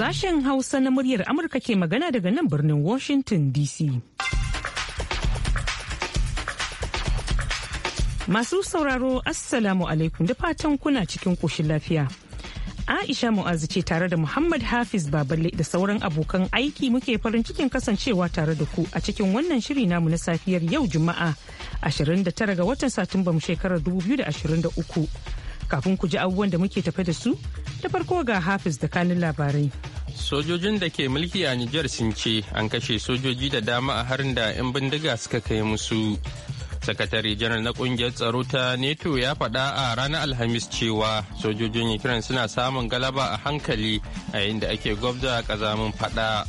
Sashen Hausa na muryar Amurka ke magana daga nan birnin Washington DC. Masu sauraro Assalamu alaikum da fatan kuna cikin ƙoshin lafiya. Aisha Mu'azu ce tare da Muhammad Hafiz Baballe da sauran abokan aiki muke farin cikin kasancewa tare da ku a cikin wannan shiri namu na safiyar yau Juma'a 29 ga watan Satumba shekarar 2023. kafin ku ji abubuwan da muke tafe da su ta farko ga hafiz da kanin labarai sojojin da ke mulki a nijar sun ce an kashe sojoji da dama a harin da 'yan bindiga suka kai musu sakatare janar na kungiyar tsaro ta neto ya faɗa a ranar alhamis cewa sojojin ukraine suna samun galaba a hankali a yayin da ake gwabza kazamin faɗa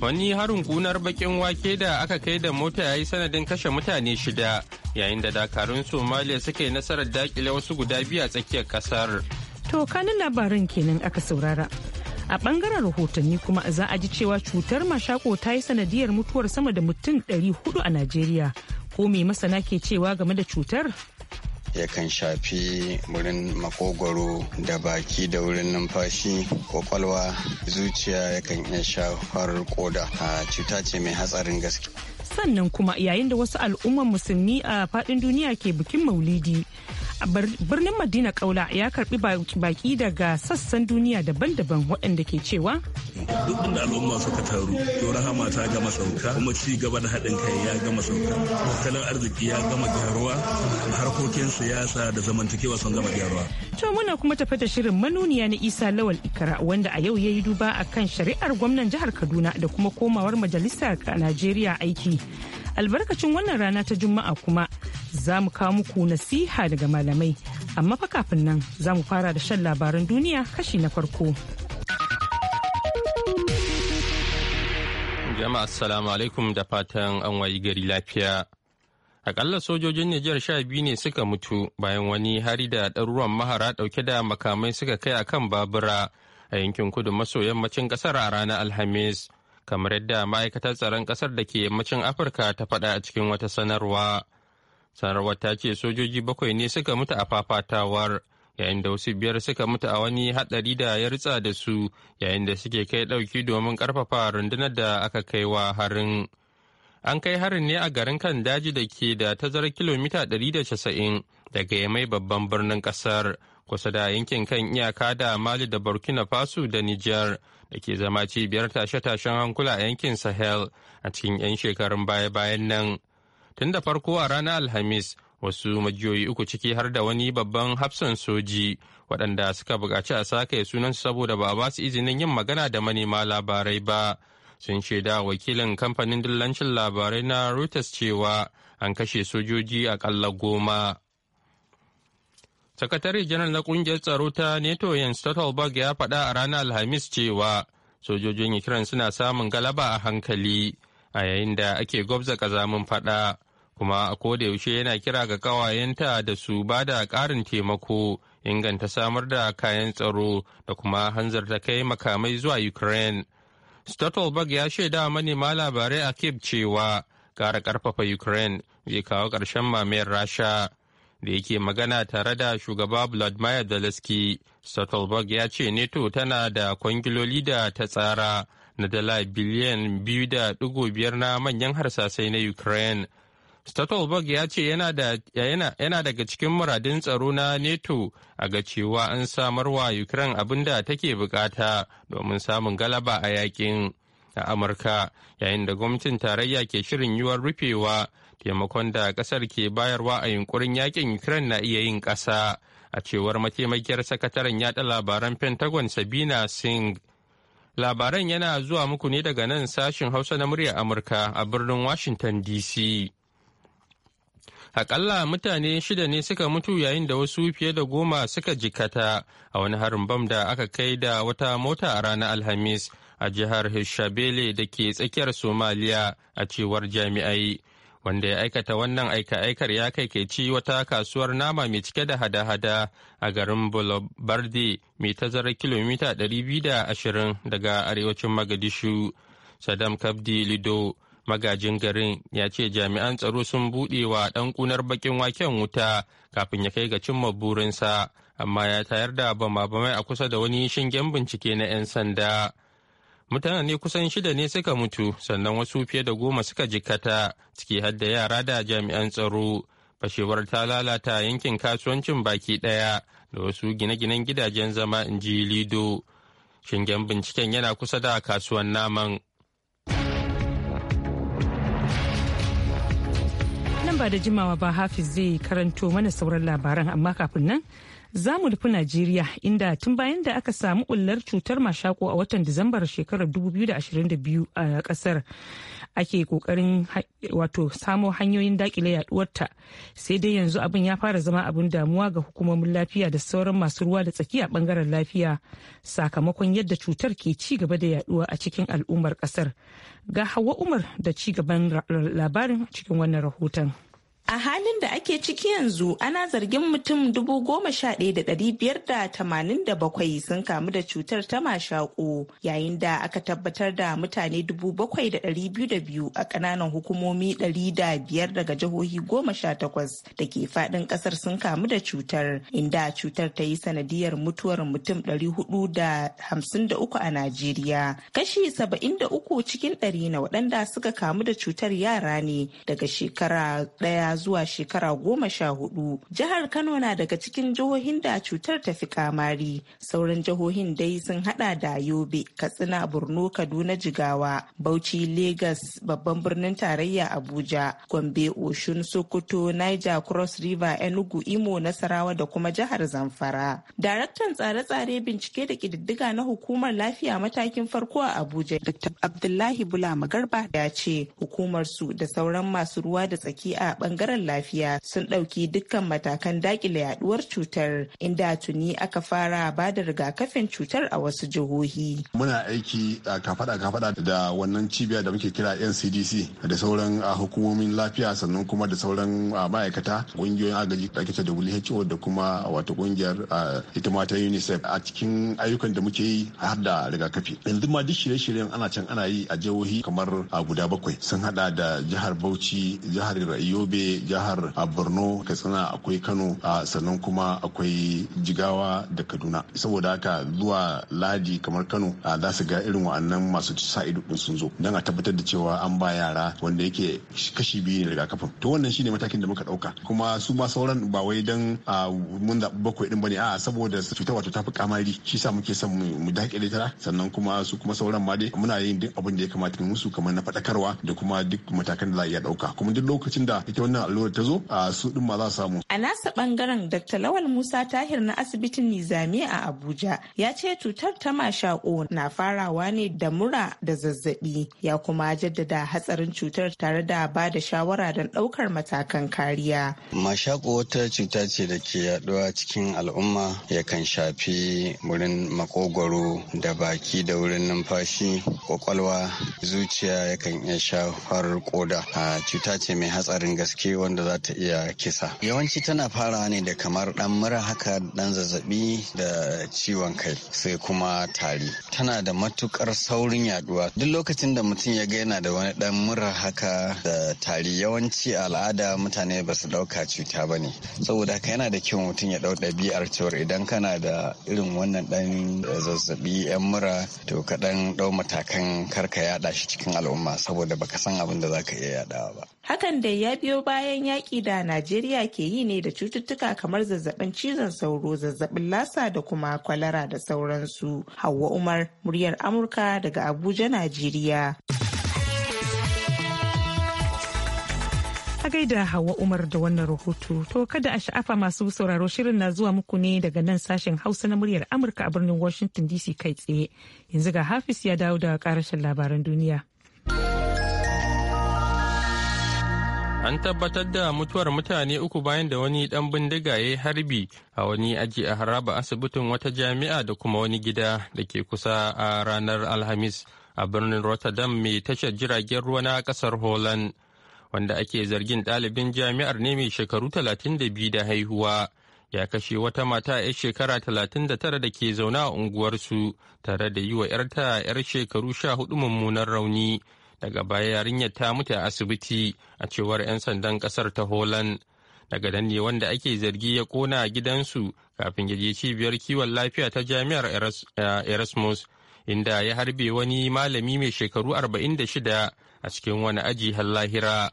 wani harin kunar bakin wake da aka kai da mota ya yi sanadin kashe mutane shida yayin da dakarun somaliya suka yi nasarar dakile wasu guda biyu a tsakiyar kasar to kanin labarin kenan aka saurara a bangaren rahotanni kuma za a ji cewa cutar mashako ta yi sanadiyar mutuwar sama da mutum 400 a najeriya ko me masana ke cewa game da cutar yakan shafi wurin makogwaro da baki da wurin numfashi kwakwalwa zuciya yakan iya shafar koda a cuta ce mai hatsarin gaske sannan kuma yayin da wasu al'umman musulmi a faɗin duniya ke bikin maulidi birnin madina kaula ya karbi baki daga sassan duniya daban-daban waɗanda ke cewa duk inda al'umma suka taru to rahama ta gama sauka kuma ci gaba da haɗin kai ya gama sauka tattalin arziki ya gama gyaruwa harkokin siyasa da zamantakewa sun gama gyaruwa to muna kuma tafi da shirin manuniya na isa lawal ikara wanda a yau ya yi duba a kan shari'ar gwamnan jihar kaduna da kuma komawar majalisar a najeriya aiki albarkacin wannan rana ta juma'a kuma za mu kawo muku nasiha daga malamai amma fa kafin nan za mu fara da shan labaran duniya kashi na farko jama'a assalamu alaikum da fatan an wayi gari lafiya akalla sojojin nijar sha biyu ne suka mutu bayan wani hari da ɗaruruwan mahara ɗauke da makamai suka kai a kan babura a yankin kudu maso yammacin ƙasar a ranar alhamis kamar yadda ma'aikatar tsaron ƙasar da ke yammacin afirka ta faɗa a cikin wata sanarwa sanarwar ta ce sojoji bakwai ne suka mutu a fafatawar yayin da wasu biyar suka mutu a wani haɗari da ya ritsa da su yayin da suke kai ɗauki domin ƙarfafa rundunar da aka kai wa harin an kai harin ne a garin kan daji da ke da tazarar kilomita 190 daga yamai babban birnin ƙasar kusa da yankin kan iyaka da mali da burkina faso da niger da ke zama cibiyar tashe-tashen hankula a yankin sahel a cikin 'yan shekarun baya-bayan nan tun da farko a ranar alhamis wasu majiyoyi uku ciki har da wani babban hafsan soji waɗanda suka buƙaci a sake sunan saboda ba ba su izinin yin magana da manema labarai ba sun shaida wakilin kamfanin dillancin labarai na reuters cewa an kashe sojoji a aƙalla goma sakatare janar na ƙungiyar tsaro ta neto jens stoltenberg ya faɗa a ranar alhamis cewa sojojin ukraine suna samun galaba a hankali a yayin da ake gwabza kazamin fada kuma a yaushe yana kira ga kawayenta da su ba da ƙarin taimako inganta samar da kayan tsaro da kuma hanzarta kai makamai zuwa ukraine stoltenberg ya shaida manema labarai a kib cewa ƙara karfafa ukraine zai kawo ƙarshen mamayar rasha da yake magana tare da shugaba vladimir zelensky stoltenberg ya ce neto tana da kwangiloli da ta tsara na dala biliyan biyu da ɗigo biyar na manyan harsasai na Ukraine. Stoltenberg ya ce yana daga cikin muradin tsaro na NATO a ga cewa an samar wa Ukraine abin da take bukata domin samun galaba a yakin a Amurka yayin da gwamnatin tarayya ke shirin yiwuwar rufewa taimakon da kasar ke bayarwa a yunkurin yakin Ukraine na iya yin ƙasa a cewar mataimakiyar sakataren yaɗa labaran Pentagon Sabina Singh Labaran yana zuwa muku ne daga nan sashin Hausa na muryar Amurka a birnin Washington DC. Akalla mutane shida ne suka mutu yayin da wasu fiye da goma suka jikata a wani harin bam da aka kai da wata mota a ranar Alhamis a jihar Hishabele da ke tsakiyar Somaliya a cewar jami'ai. wanda ya aikata wannan aika-aikar ya kai ke ci wata kasuwar nama mai cike da hada-hada a garin bolobardi mai tazarar kilomita 220 daga arewacin magadishu sadam kabdi lido magajin garin ya ce jami'an tsaro sun buɗe wa ɗan ƙunar bakin waken wuta kafin ya kai ga cimma burinsa amma ya tayar da bama-bamai a kusa da wani shingen bincike na 'yan sanda. mutane kusan shida ne suka mutu sannan wasu fiye da goma suka jikkata ciki har da yara da jami'an tsaro fashewar ta lalata yankin kasuwancin baki daya da wasu gine-ginen gidajen zama in ji lido shingen binciken yana kusa da kasuwan naman nan ba da jimawa ba hafiz zai karanto mana sauran labaran amma kafin nan Za mu nufi Najeriya inda tun bayan da aka samu ullar cutar mashako a watan Disambar shekarar 2022 a kasar ake kokarin wato samo hanyoyin dakile yaduwarta sai dai yanzu abin ya fara zama abin damuwa ga hukumomin lafiya da sauran masu ruwa da tsaki a bangaren lafiya sakamakon yadda cutar ke ci gaba da yaduwa a cikin al'ummar kasar. Ga Hawa Umar da ci gaban labarin cikin wannan rahoton. A halin da ake ciki yanzu ana zargin mutum dubu goma sha ɗaya da ɗari biyar da tamanin da bakwai sun kamu da cutar ta mashaƙo yayin da aka tabbatar da mutane dubu bakwai da ɗari biyu da biyu a ƙananan hukumomi ɗari da biyar daga jihohi goma sha takwas da ke faɗin ƙasar sun kamu da cutar inda cutar ta yi sanadiyar mutuwar mutum ɗari huɗu da hamsin da uku a Najeriya. Kashi saba'in da uku cikin ɗari na waɗanda suka kamu da cutar yara ne daga shekara ɗaya zuwa shekara goma sha hudu. Jihar Kano na daga cikin jihohin da cutar ta fi kamari. Sauran jihohin dai sun hada da Yobe, Katsina, Borno, Kaduna, Jigawa, Bauchi, Legas, babban birnin tarayya Abuja, Gombe, Oshun, Sokoto, Niger, Cross River, Enugu, Imo, Nasarawa da kuma jihar Zamfara. Daraktan tsare-tsare bincike da ƙididdiga na hukumar lafiya matakin farko a Abuja, Dr. Abdullahi Bula Magarba ya ce hukumar su da sauran masu ruwa da tsaki a bangaren bangaren lafiya sun ɗauki dukkan matakan dakile yaduwar cutar inda tuni aka fara ba da rigakafin cutar a wasu jihohi. Muna aiki a kafada kafada da wannan cibiya da muke kira NCDC da sauran hukumomin lafiya sannan kuma da sauran ma'aikata ƙungiyoyin agaji da ake da WHO da kuma wato ƙungiyar ita ma ta UNICEF a cikin ayyukan da muke yi har da rigakafi. Yanzu ma duk shirye-shiryen ana can ana yi a jihohi kamar guda bakwai sun hada da jihar Bauchi, jihar Yobe, jihar borno katsina akwai kano a sannan kuma akwai jigawa da kaduna saboda haka zuwa ladi kamar kano za su ga irin wa'annan masu sa ido din sun zo don a tabbatar da cewa an ba yara wanda yake kashi biyu ne kafin to wannan shine matakin da muka dauka kuma su ma sauran ba wai dan mun zaɓi bakwai din bane a saboda cutar wato ta fi kamari shi sa muke son mu dakile ta sannan kuma su kuma sauran ma dai muna yin duk abin da ya kamata mu musu kamar na faɗakarwa da kuma duk matakan da za a iya dauka kuma duk lokacin da ita wannan wannan allurar ta zo a su din ma za a samu. A nasa bangaren Dr. Lawal Musa Tahir na asibitin Nizami a Abuja ya ce cutar ta mashako na farawa ne da mura da zazzabi ya kuma jaddada hatsarin cutar tare da ba da shawara don ɗaukar matakan kariya. Mashako wata cuta ce da ke yaduwa cikin al'umma yakan shafi wurin makogwaro da baki da wurin numfashi kwakwalwa zuciya yakan iya shafar koda a cuta ce mai hatsarin gaske wanda za ta iya kisa yawanci tana farawa ne da kamar dan mura haka dan zazzabi da ciwon kai sai kuma tari tana da matukar saurin yaduwa duk lokacin da mutum ya ga yana da wani dan mura haka da tari yawanci al'ada mutane ba su dauka cuta ba ne saboda haka yana da kyau mutum ya dau ɗabi'ar cewar idan kana da irin wannan dan zazzabi yan mura to ka dan dau matakan karka yada cikin al'umma saboda baka san abin da zaka iya yadawa ba. Hakan dai ya biyo bayan yaƙi da Najeriya ke yi ne da cututtuka kamar zazzabin cizon sauro, zazzabin lasa da kuma kwalara da sauransu. Hauwa Umar, muryar Amurka daga Abuja, Najeriya. A gaida Hawa Umar da wannan rahoto. To kada a sha'afa masu sauraro shirin na zuwa muku ne daga nan sashen Hausa na muryar Amurka a birnin Washington DC kai tsaye. Yanzu ga Hafiz ya dawo da karashin labaran duniya. An tabbatar da mutuwar mutane uku bayan da wani dan bindiga ya yi harbi a wani aji a haraba asibitin wata jami'a da kuma wani gida da ke kusa a ranar Alhamis a birnin Rotterdam mai tashar jiragen ruwa na kasar Holland. wanda ake zargin ɗalibin jami'ar ne mai shekaru 32 da haihuwa ya kashe wata mata 'yar shekara 39 da ke zaune a unguwarsu tare da yi wa 'yarta 'yar shekaru 14 mummunan rauni daga baya yarinyar ta mutu a asibiti a cewar 'yan sandan kasar ta holland daga nan ne wanda ake zargi ya kona gidansu kafin ya je cibiyar kiwon lafiya ta jami'ar erasmus inda ya harbe wani malami mai shekaru 46 a cikin wani aji har lahira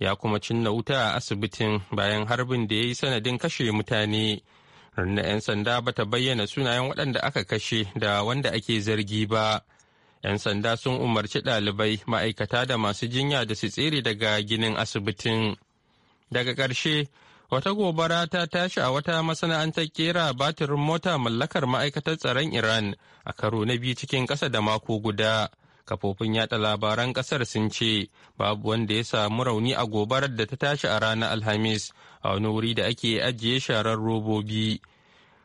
ya kuma cinna wuta a asibitin bayan harbin da ya yi sanadin kashe mutane na 'yan sanda ba ta bayyana sunayen waɗanda aka kashe da wanda ake zargi ba 'yan sanda sun umarci ɗalibai ma'aikata da masu jinya da su tsere daga ginin asibitin daga ƙarshe wata gobara ta tashi a wata masana'antar kera batirin mota mallakar ma'aikatar tsaron iran a karo na biyu cikin ƙasa da mako guda kafofin yada labaran ƙasar sun ce babu wanda ya samu rauni a gobarar da ta tashi a ranar alhamis a wani wuri da ake ajiye sharar robobi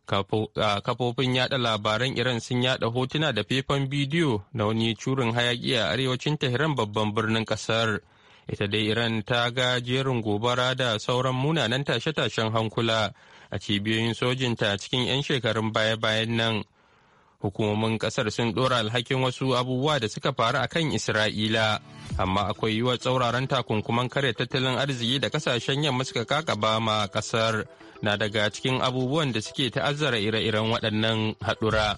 kafofin yada labaran iran sun yada hotuna da faifan bidiyo na wani curin hayaki a arewacin tehran babban birnin ƙasar ita dai iran ta ga jerin gobara da sauran munanan tashe-tashen hankula a cibiyoyin sojinta cikin 'yan shekarun baya-bayan nan hukumomin kasar sun dora alhakin wasu abubuwa da suka faru a kan isra'ila amma akwai wa tsauraran takunkuman kare tattalin arziki da kasashen yamma suka ba ma kasar na daga cikin abubuwan da suke ta'azzara ire-iren waɗannan haɗura.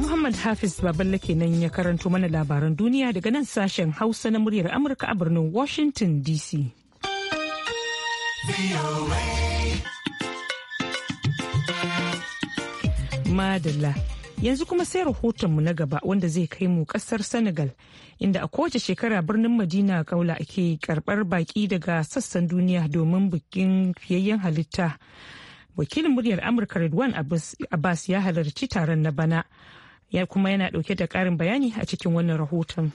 Muhammad Hafiz Baballe kenan ya karanto mana labaran duniya daga nan sashen Hausa na muryar Amurka a birnin Washington DC. madalla yanzu kuma sai rahotonmu na gaba wanda zai kai mu kasar senegal inda a kowace shekara birnin madina kaula ake karbar baki daga sassan duniya domin bikin fiyayyen halitta wakilin muryar amurka redwan abbas ya halarci taron na bana ya kuma yana dauke da karin bayani a cikin wannan rahoton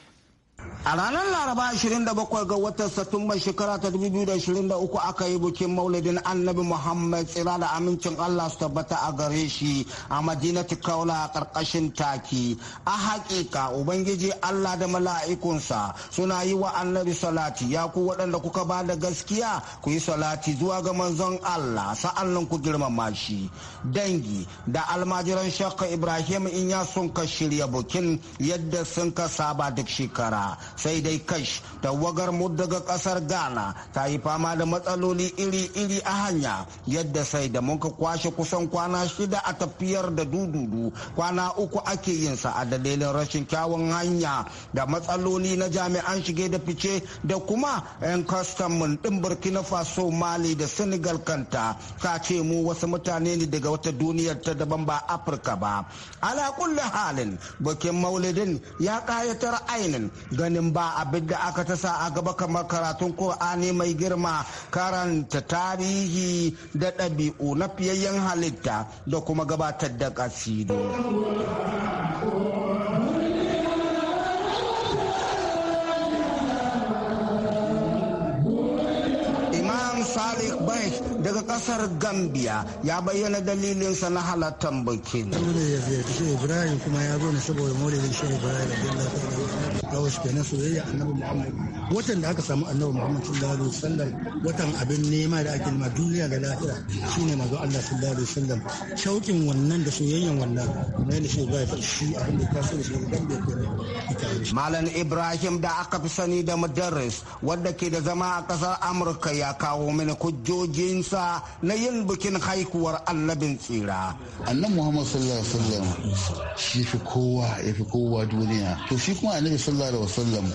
A ranar Laraba 27 ga watan Satumba shekara ta 2023 aka yi bikin maulidin annabi Muhammad tsira da amincin Allah su tabbata a gare shi a madinati kaula a ƙarƙashin taki. A haƙiƙa Ubangiji Allah da mala'ikunsa suna yi wa annabi salati ya ku waɗanda kuka ba da gaskiya ku yi salati zuwa ga manzon Allah sa'an nan ku girmama shi. Dangi da almajiran Shakka Ibrahim in ya sun ka shirya bukin yadda sun ka saba duk shekara. sai dai kash tawagar mu daga kasar ghana ta yi fama da matsaloli iri-iri a hanya yadda sai da muka kwashe kusan kwana shida a tafiyar da dududu kwana uku ake yin sa a dalilin rashin kyawun hanya da matsaloli na jami'an shige da fice da kuma 'yan mun ɗin burkina faso mali da senegal kanta ta ce mu wasu mutane ne daga wata duniyar ta daban ba afirka ba ala kulli halin bikin maulidin ya ƙayatar ainin ganin ba abin da aka ta sa a gaba kamar karatun Kur'ani mai girma karanta tarihi da ɗabi'u na fiyayyen halitta da kuma gabatar da ƙasidu. kasar gambia ya bayyana dalilinsa na halattar bikin ibrahim kuma ya zo ne saboda maulidin shi ibrahim da ta wasu kenan soyayya annabi muhammad watan da aka samu annabi muhammad sallallahu alaihi wasallam watan abin nema da ake nema duniya da lahira shine manzo allah sallallahu alaihi wasallam shaukin wannan da soyayyan wannan kuma yana shi ibrahim shi abin da ta so da shehu ko da malam ibrahim da aka fi sani da mudarris wanda ke da zama a kasar amurka ya kawo mini kujojinsa. na yin bikin haikuwar annabin tsira Annan muhammad sallallahu alaihi wasallam shi fi kowa ya fi kowa duniya to shi kuma annabi sallallahu alaihi wasallam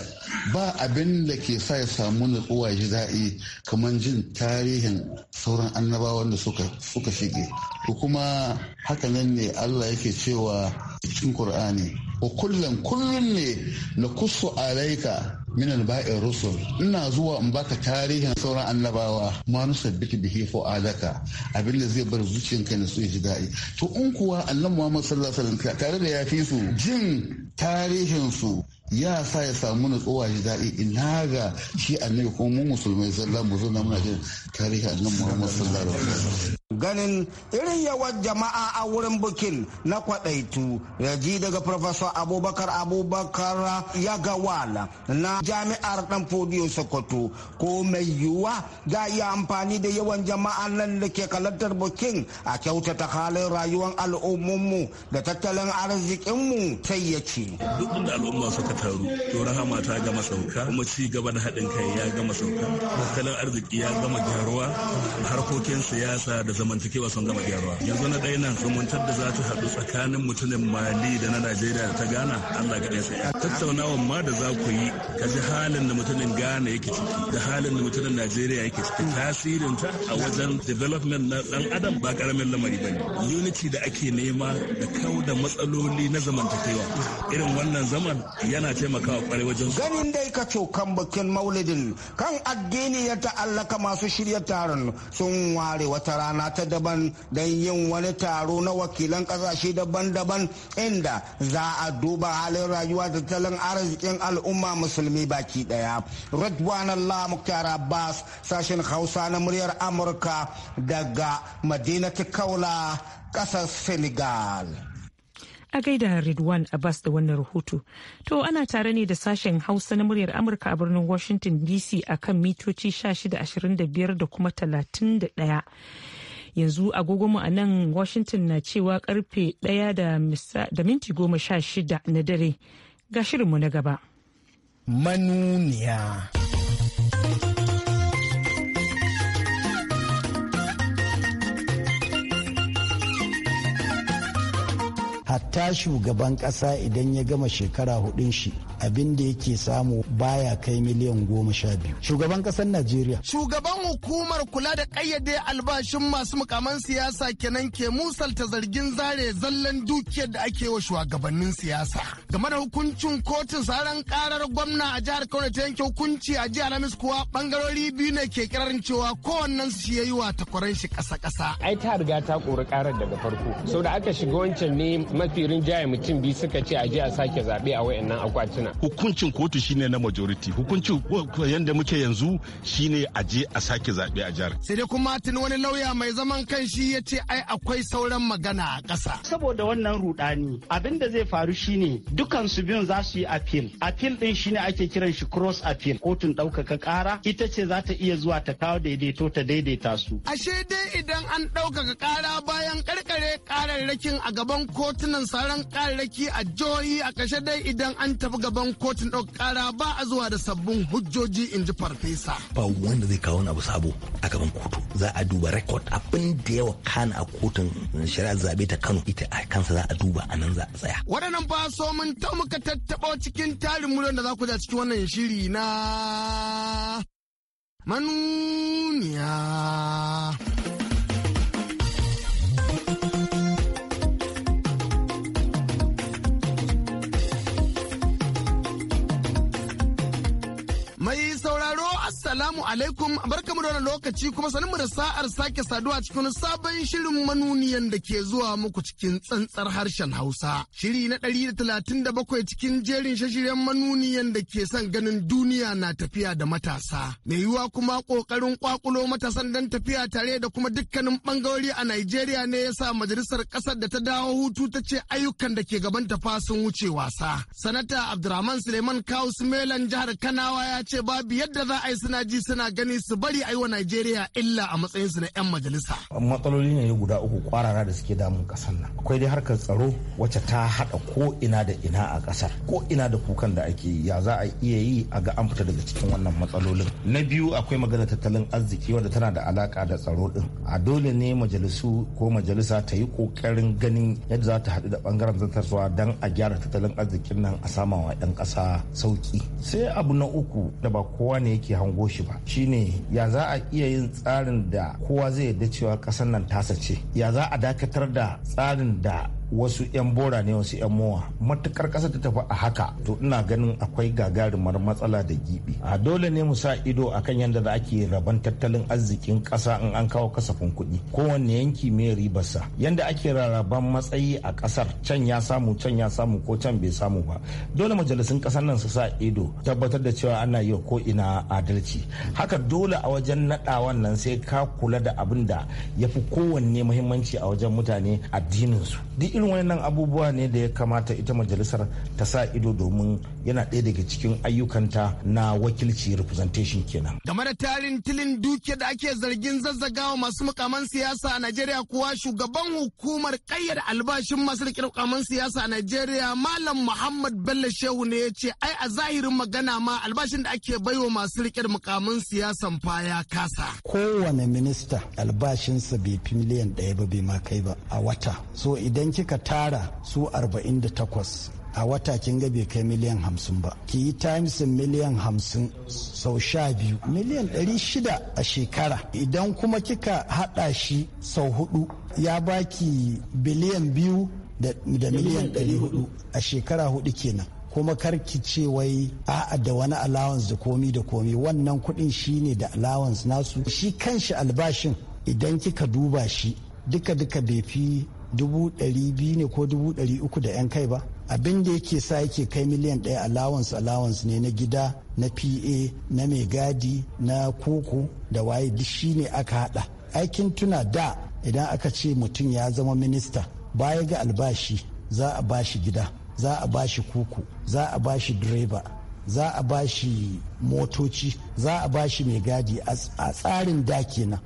ba abin da ke sa ya samu natsuwa ji daɗi kamar jin tarihin sauran annabawan da suka shige ko kuma hakanan ne allah yake cewa cikin Kur'ani. wa kullum kullum ne na kusu alaika min alba'in rusul ina zuwa in baka tarihin sauran annabawa ma biki bihi fu'adaka abinda zai bar zuciyanka na so ya ji daɗi to in kuwa annabawa sallallahu alaihi wasallam tare da yafi su jin tarihin su ya sa ya samu natsuwa ji daɗi ina ga shi annabi ko mu musulmai sallallahu mu zo na muna jin tarihi annabi Muhammad sallallahu alaihi wasallam ganin irin yawan jama'a a wurin bukin na kwadaitu ji daga professor abubakar abubakar ya wala na jami'ar dan fodiyo sokoto ko mai yiwuwa za yi amfani da yawan jama'a nan da ke kalantar bukin a kyautata halin rayuwar al'ummunmu da tattalin arzikinmu sai ya ce duk da al'umma suka taru to rahama ta gama sauka kuma ci gaba da haɗin kai ya gama sauka tattalin arziki ya gama gyaruwa harkokin siyasa da zamantakewa sun gama gyaruwa yanzu na ɗaya nan zumuntar da za ta haɗu tsakanin mutumin mali da na najeriya da ta gana allah ga sai a tattaunawan ma da za ku yi ka ji halin da mutumin gana yake ciki da halin da mutumin najeriya yake ciki tasirin ta a wajen development na ɗan adam ba ƙaramin lamari ba ne unity da ake nema da kau da matsaloli na zamantakewa irin wannan zaman yana yana taimakawa kwarai wajen ganin dai ka cokan bakin maulidin kan addini ya ta'allaka masu shirya taron sun ware wata rana ta daban don yin wani taro na wakilan kasashe daban-daban inda za a duba halin rayuwa da tattalin arzikin al'umma musulmi baki daya radwan allah muktar abbas sashen hausa na muryar amurka daga madinatu kaula kasar senegal A gaida a bas da wannan rahoto. To ana tare ne da sashen Hausa na muryar Amurka a birnin Washington DC a kan mitoci 1625 da kuma 31. Yanzu agogonmu a nan Washington na cewa karfe daya da minti goma sha shida na dare. Ga shirinmu na gaba. Manuniya. hatta shugaban ƙasa idan ya gama shekara hudun shi abin da yake samu baya kai miliyan goma sha biyu shugaban kasar najeriya shugaban hukumar kula da ƙayyade albashin masu mukaman siyasa kenan ke musalta zargin zare zallan dukiyar da ake wa shugabannin siyasa game da hukuncin kotun tsaron karar gwamna a jihar kano ta yanke hukunci a jihar Alhamis kuwa bangarori biyu ne ke kirarin cewa kowannen su yayi wa takwaran shi kasa kasa ai ta riga ta kori karar daga farko sau da aka shiga wancan ne mafi rinjaye mutum biyu suka ce a je a sake zaɓe a wayannan akwatin hukuncin kotu shine na majority hukuncin yanda muke yanzu shine a je a sake zaɓe a jihar sai dai kuma tun wani lauya mai zaman kanshi ya ce ai akwai sauran magana a ƙasa saboda wannan rudani abin da zai faru shine dukan su biyun za su yi appeal appeal din shine ake kiran shi cross appeal kotun ɗaukaka ƙara ita ce za ta iya zuwa ta kawo daidaito ta daidaita su ashe dai idan an ɗaukaka ƙara bayan karkare ƙararrakin a gaban kotunan saran ƙararraki a jihohi a kashe dai idan an tafi gaba gaban kotun ɗaukar ƙara ba a zuwa da sabbin hujjoji in ji farfesa. Ba wanda zai kawo wani abu sabo a gaban kotu. Za a duba rekod abin da yawa kana a kotun shari'a zaɓe ta Kano ita a kansa za a duba a nan za a tsaya. Waɗannan ba so mun ta muka tattaɓa cikin tarin miliyon da za ku ja cikin wannan shiri na manuniya. alaikum barkamu da wani lokaci kuma sanin mu da sa'ar sake saduwa cikin sabon shirin manuniyan da ke zuwa muku cikin tsantsar harshen Hausa. Shiri na ɗari da talatin da bakwai cikin jerin shashiryan manuniyan da ke son ganin duniya na tafiya da matasa. Mai yiwuwa kuma ƙoƙarin ƙwaƙulo matasan don tafiya tare da kuma dukkanin ɓangarori a Najeriya ne ya sa majalisar ƙasar da ta dawo hutu ta ce ayyukan da ke gaban ta fa sun wuce wasa. Sanata Abdurrahman Suleiman Kawu Sumelan jihar Kanawa ya ce babu yadda za a yi suna ji suna ganin gani su bari a yi wa Najeriya illa a matsayin su na 'yan majalisa. Matsaloli ne guda uku kwarara da suke damun kasar nan. Akwai dai harkar tsaro wacce ta haɗa ko ina da ina a kasar. Ko ina da kukan da ake yi ya za a iya yi a ga an fita daga cikin wannan matsalolin. Na biyu akwai magana tattalin arziki wadda tana da alaka da tsaro din. A dole ne majalisu ko majalisa ta yi kokarin ganin yadda za ta haɗu da bangaren zantarsuwa don a gyara tattalin arzikin nan a samawa 'yan ƙasa sauki. Sai abu na uku da ba kowa ne yake hango shi ba shine ya za a iya yin tsarin da kowa zai yarda cewa kasar nan tasa ce ya za a dakatar da tsarin da wasu 'yan bora ne wasu 'yan mowa matukar kasa ta tafi a haka to ina ganin akwai gagarumar matsala da gibi a dole ne mu sa ido akan yadda da ake rabon tattalin arzikin ƙasa in an kawo kasafin kuɗi kowanne yanki mai ribarsa yadda ake rarraban matsayi a ƙasar can ya samu can ya samu ko can bai samu ba dole majalisun ƙasar nan su sa ido tabbatar da cewa ana yi ko ina adalci haka dole a wajen naɗawan nan sai ka kula da abin da ya fi kowanne muhimmanci a wajen mutane addininsu duk irin wannan abubuwa ne da ya kamata ita majalisar ta sa ido domin yana ɗaya daga cikin ayyukanta na wakilci representation kenan. Game da tarin tilin duke da ake zargin zazzagawa masu mukaman siyasa a Najeriya kuwa shugaban hukumar kayyar albashin masu mukaman siyasa a Najeriya Malam Muhammad Bello Shehu ne ya ce ai a zahirin magana ma albashin da ake baiwa masu riƙe mukamin siyasan fa ya kasa. Kowane minista albashinsa bai fi miliyan ɗaya ba bai ma kai ba a wata. So idan kika kika tara su 48 a wata kin ga bai kai miliyan hamsin ba ki yi times miliyan hamsin sau sha biyu miliyan ɗari shida a shekara idan kuma kika haɗa shi sau hudu ya baki biliyan biyu da miliyan ɗari hudu a shekara hudu kenan kuma karki ce wai a'a da wani allowance da komi da komi wannan kuɗin shine da allowance nasu shi kanshi albashin idan kika duba shi duka-duka bai fi dubu ɗari biyu ne ko dubu ɗari uku da 'yan kai ba abin da yake sa yake kai miliyan ɗaya allowance allowance ne na gida na pa na mai gadi na koko da waye duk shi ne aka hada. aikin tuna da idan aka ce mutum ya zama minista baya ga albashi za a bashi gida za a bashi koko za a bashi direba za a bashi motoci za a bashi mai gadi a tsarin da kenan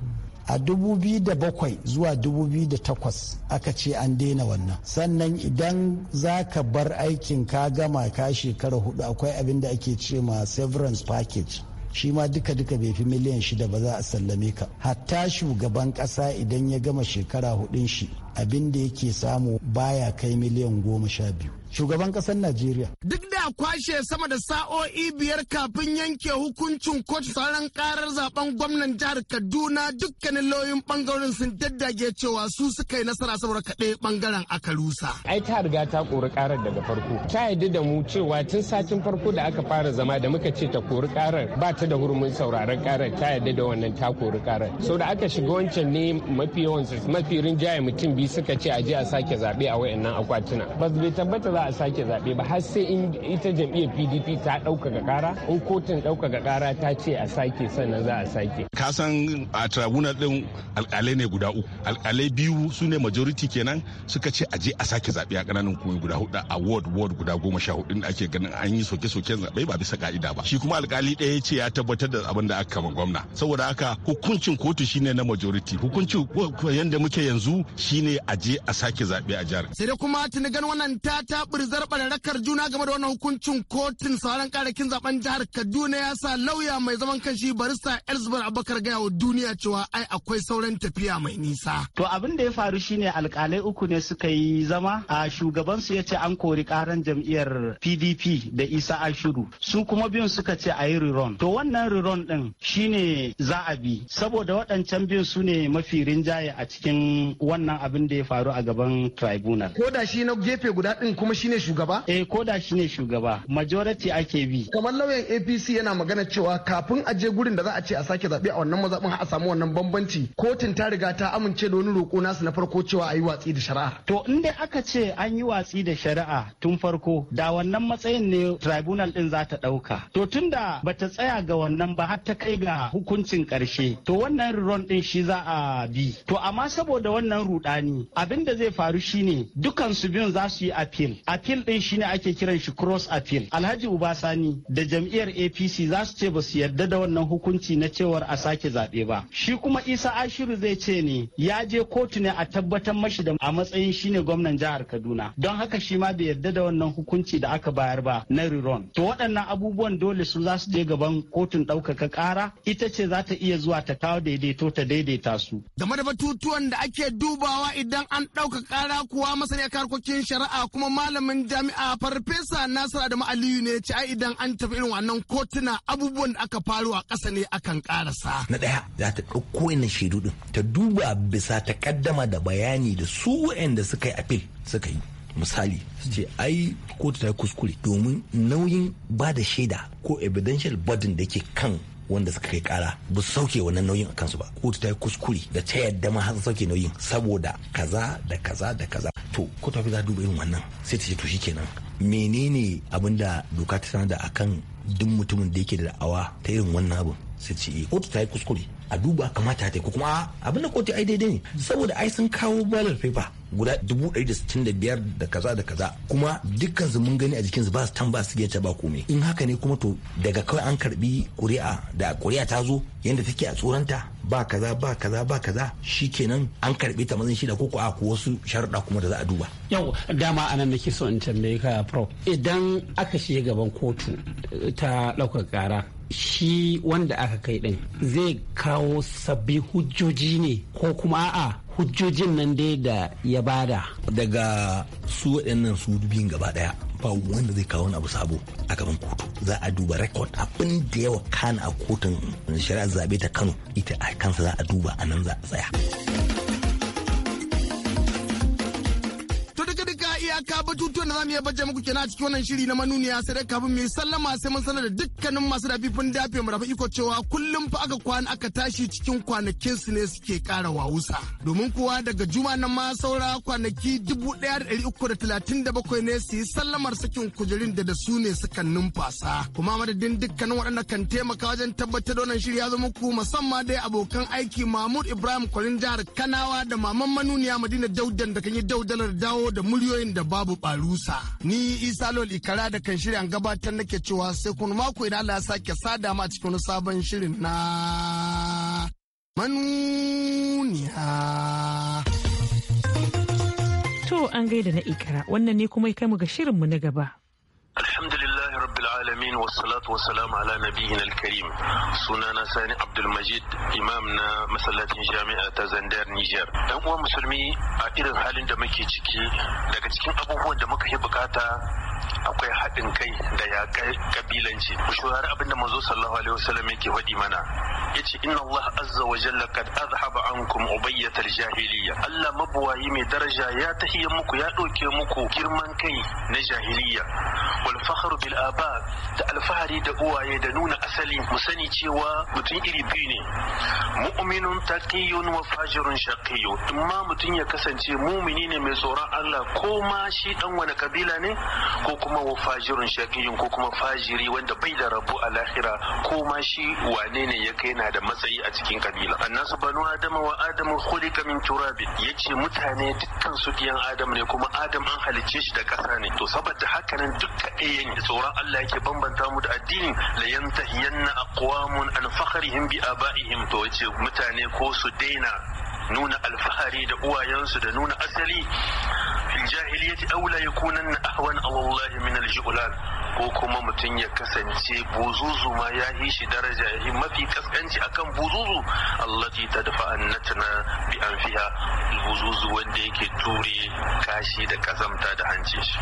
a 2007 zuwa 2008 aka ce an daina wannan sannan idan za ka bar aikin ka gama ka shekara hudu akwai abin da ake ce ma severance package shi ma duka-duka bai fi miliyan shida ba za a sallame ka hatta shugaban kasa idan ya gama shekara hudun shi abin da yake samu baya kai miliyan goma sha biyu shugaban ƙasar Najeriya. Duk da kwashe sama da sa'o'i biyar kafin yanke hukuncin kotu sauran karar zaben gwamnan jihar Kaduna dukkanin lauyin bangaren sun daddage cewa su suka yi nasara saboda kaɗai bangaren aka rusa. Ai ta riga ta kori karar daga farko. Ta yadda da mu cewa tun satin farko da aka fara zama da muka ce ta kori karar ba ta da hurumin sauraron karar ta yadda da wannan ta kori karar. Sau da aka shiga wancan ne mafi yawan mafi rinjaye mutum biyu suka ce a je a sake zaɓe a wayannan akwatuna. Ba su bai tabbata za a sake zaɓe ba har sai in ita jam'iyyar pdp ta ɗaukaka ƙara in kotun ɗaukaka ƙara ta ce a sake sannan za a sake ka san a tribunal ɗin alƙalai ne guda uku alƙalai biyu su ne majority kenan suka ce a je a sake zaɓe a ƙananan kuma guda hudu a ward ward guda goma sha hudu da ake ganin an yi soke-soken zaɓe ba bisa ka'ida ba shi kuma alƙali ɗaya ce ya tabbatar da abin da aka kama gwamna saboda haka hukuncin kotu shine na majority hukuncin yadda muke yanzu shine a je a sake zaɓe a jihar sai dai kuma tuni gan wannan ta rakar juna game da wannan hukuncin kotun sauran karakin zaben jihar Kaduna ya sa lauya mai zaman kanshi barista elsbar Abubakar gaya wa duniya cewa ai akwai sauran tafiya mai nisa. To abin da ya faru shine alkalai uku ne suka yi zama a shugaban su yace an kori karan jam'iyyar PDP da Isa Ashuru su kuma biyun suka ce a yi rerun. To wannan rerun din shine za a bi saboda waɗancan biyun su ne mafi rinjaye a cikin wannan abin da ya faru a gaban tribunal. Ko da shi na gefe guda din kuma shine shugaba? Eh ko shi shine shugaba. Majority ake bi. Kamar lauyan APC yana magana cewa kafin a je gurin da za a ce a sake zaɓe a wannan mazaɓin a samu wannan bambanci. Kotun ta riga ta amince da wani roƙo nasu na farko cewa a yi watsi da shari'a. To in dai aka ce an yi watsi da shari'a tun farko da wannan matsayin ne tribunal din za ta ɗauka. To tun da bata tsaya ga wannan ba har ta kai ga hukuncin ƙarshe. To wannan ruron din shi za a bi. To amma saboda wannan rudani abin da zai faru shine dukan su biyun za su yi appeal appeal din shine ake kiran shi cross appeal alhaji uba sani da jam'iyyar apc za su ce ba su yarda da wannan hukunci na cewar a sake zaɓe ba shi kuma isa ashiru zai ce ne ya je kotu ne a tabbatar mashi da a matsayin shine gwamnan jihar kaduna don haka shi ma bai yarda da wannan hukunci da aka bayar ba na riron to waɗannan abubuwan dole su za su je gaban kotun ɗaukaka ƙara ita ce za ta iya zuwa ta kawo daidaito ta daidaita su da da tutuwan da ake dubawa idan an ɗauka ƙara kuwa masaniyar harkokin shari'a kuma malamin jami'a farfesa nasara da ma'aliyu ne ci ai idan an tafi irin wannan kotuna abubuwan da aka faru a ƙasa ne akan karasa. Na ɗaya za ta ɗauko wani shaidu ɗin ta duba bisa ta ƙaddama da bayani da su da suka yi apil suka yi. misali su ce ai kotu ta kuskure domin nauyin ba da shaida ko evidential burden da ke kan wanda suka kai kara ba su sauke wannan nauyin a kansu ba kotu ta kuskure da ta yadda ma har sauke nauyin saboda kaza da kaza da kaza to ko tafi za duba irin wannan sai ta ce to kenan menene abin da doka ta sanar da akan duk mutumin da yake da da'awa ta irin wannan abin sai ce eh, kotu ta yi kuskure a duba kamata ta ko kuma abin da kotu ai daidai ne saboda ai sun kawo ballot paper guda dubu da biyar da kaza da kaza kuma dukkan su mun gani a jikinsu ba su tamba su ta ba komai in haka ne kuma to daga kawai an karbi kuri'a da kuri'a ta zo yadda take a tsoronta ba kaza ba kaza ba kaza kenan an karbe ta mazan shida koko a ko wasu sharuɗa kuma da za a duba yau dama anan nake so in tambaye ka prof idan aka shiga gaban kotu eh, ta ɗaukar ƙara shi wanda aka kai din zai kawo sabbin hujjoji ne ko kuma a'a hujjojin nan dai da ya bada daga su waɗannan su dubin gaba daya ba wanda zai kawo abu sabo a gaban kotu za a duba rekod abin da yawa kana a kotun shari'ar zabe ta kano ita a kansa za a duba a nan za a tsaya iyaka batutuwan da za mu iya baje muku kenan a cikin wannan shiri na manuniya sai dai kafin mu yi sallama sai mun sanar da dukkanin masu dafifin dafe mu rafa iko cewa kullum fa aka kwana aka tashi cikin kwanakin su ne suke kara wawusa. Domin kuwa daga juma nan ma saura kwanaki dubu ɗaya da ɗari uku da talatin da bakwai ne su yi sallamar sakin kujerun da da su ne suka numfasa. Kuma madadin dukkanin waɗanda kan taimaka wajen tabbatar da wannan shiri ya zama ku musamman dai abokan aiki Mahmud Ibrahim Kwarin jihar Kanawa da Maman Manuniya Madina Daudan da kan yi daudalar dawo da muryoyin da da babu barusa. Ni Isa Lol Ikara da kan shirya gabatar nake cewa sai kun mako ina Allah ya sake sada ma cikin sabon shirin na manuniya. To an gaida na Ikara wannan ne kuma ya kai mu ga shirinmu na gaba. Alhamdulillah. alamin wassalatu wassalamu ala nabiyin alkarim sunana sani abdulmajid imam na masallacin jami'a ta zandar niger dan uwan musulmi a irin halin da muke ciki daga cikin abubuwan da muka yi bukata akwai haɗin kai da yaƙar kabilanci shuhar abin da mazo sallallahu alaihi wasallam yake faɗi mana yace inna Allah azza wa jalla kad azhaba ankum ubayyat jahiliya Allah mabuwayi mai daraja ya tahiya muku ya ɗauke muku girman kai na jahiliya wal fakhru bil aba da alfahari da uwaye da nuna asali mu sani cewa mutum iri biyu ne mu'minun taqiyun wa fajirun shaqiyun amma mutum ya kasance mumini ne mai tsoron Allah ko ma shi dan wani kabila ne ko kuma kuma wa fajirun shakiyun ko kuma fajiri wanda bai da rabu a lahira ko ma shi wane ne ya kai na da matsayi a cikin kabila annasu banu adama wa adamu khuliqa min turabin yace mutane dukkan su adam ne kuma adam an halicce shi da kasa ne to saboda haka nan dukkan ayyan tsoron Allah yake bambanta mu da addini la yantahiyanna aqwamun an fakhrihim bi abaihim to yace mutane ko su daina nuna alfahari da uwayensu da nuna asali في الجاهلية أولى يكونن أهون على الله من الجؤلان ko kuma mutum ya kasance buzuzu ma ya yi shi daraja ya yi mafi kaskanci akan buzuzu Allah ta allati tadfa tana bi anfiha buzuzu wanda yake ture kashi da kazamta da hanci shi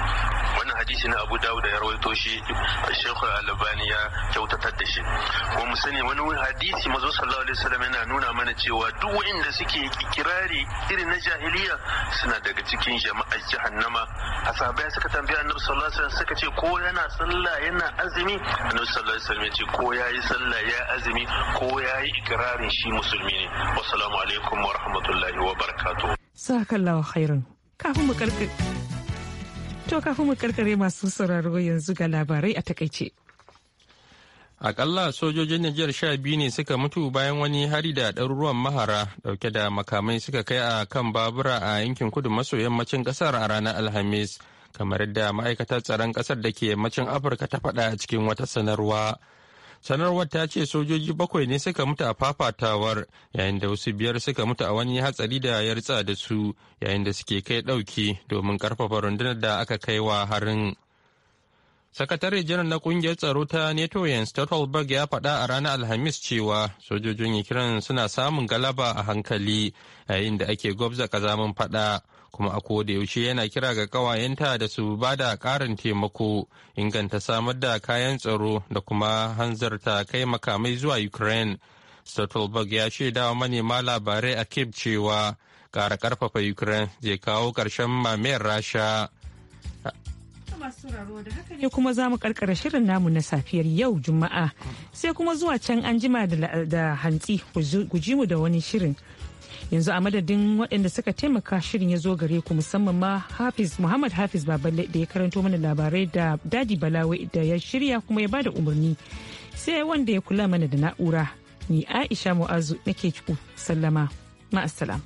wannan hadisi na Abu Dawud ya rawaito shi a Al-Albani ya kyautatar da shi kuma mu sani wani hadisi mazo sallallahu alaihi wasallam yana nuna mana cewa duk wanda suke kirari irin na jahiliya suna daga cikin jama'ar jahannama asabai suka tambaya annabi sallallahu alaihi wasallam suka ce ko yana sallah yana azumi annabi sallallahu alaihi wasallam ya ce ko yayi sallah ya azumi ko yayi ikrarin shi musulmi ne wassalamu alaikum wa rahmatullahi wa barakatuh sakallahu khairan kafin mu karkare to kafin mu karkare masu sauraro yanzu ga labarai a takaice Akalla sojojin Nijar sha biyu ne suka mutu bayan wani hari da ɗaruruwan mahara ɗauke da makamai suka kai a kan babura a yankin kudu maso yammacin ƙasar a ranar Alhamis kamar yadda ma'aikatar tsaron ƙasar da ke yammacin afirka ta faɗa a cikin wata sanarwa sanarwar ta ce sojoji bakwai ne suka mutu a fafatawar yayin da wasu biyar suka mutu a wani hatsari da ya ritsa da su yayin da suke kai ɗauki domin ƙarfafa rundunar da aka kai wa harin sakatare janar na kungiyar tsaro ta neto yan stoltenberg ya faɗa a ranar alhamis cewa sojojin ukraine suna samun galaba a hankali yayin da ake gwabza kazamin faɗa kuma a koda yaushe yana kira ga ƙawayenta da su ba da karin taimako inganta samar da kayan tsaro da kuma hanzarta kai makamai zuwa ukraine stoltenberg ya shaida wa manema labarai a cape cewa ƙara karfafa ukraine zai kawo ƙarshen mamayar rasha ne kuma za mu karkara shirin namu na safiyar yau juma'a sai kuma zuwa can an jima da hantsi ku ji mu da wani shirin yanzu a madadin waɗanda suka taimaka shirin ya zo gare ku musamman ma hafiz muhammad hafiz baballe da ya karanto mana labarai da dadi balawai da ya shirya kuma ya bada umarni sai wanda ya kula mana da na'ura ni aisha mu'azu nake ku sallama ma'asalam.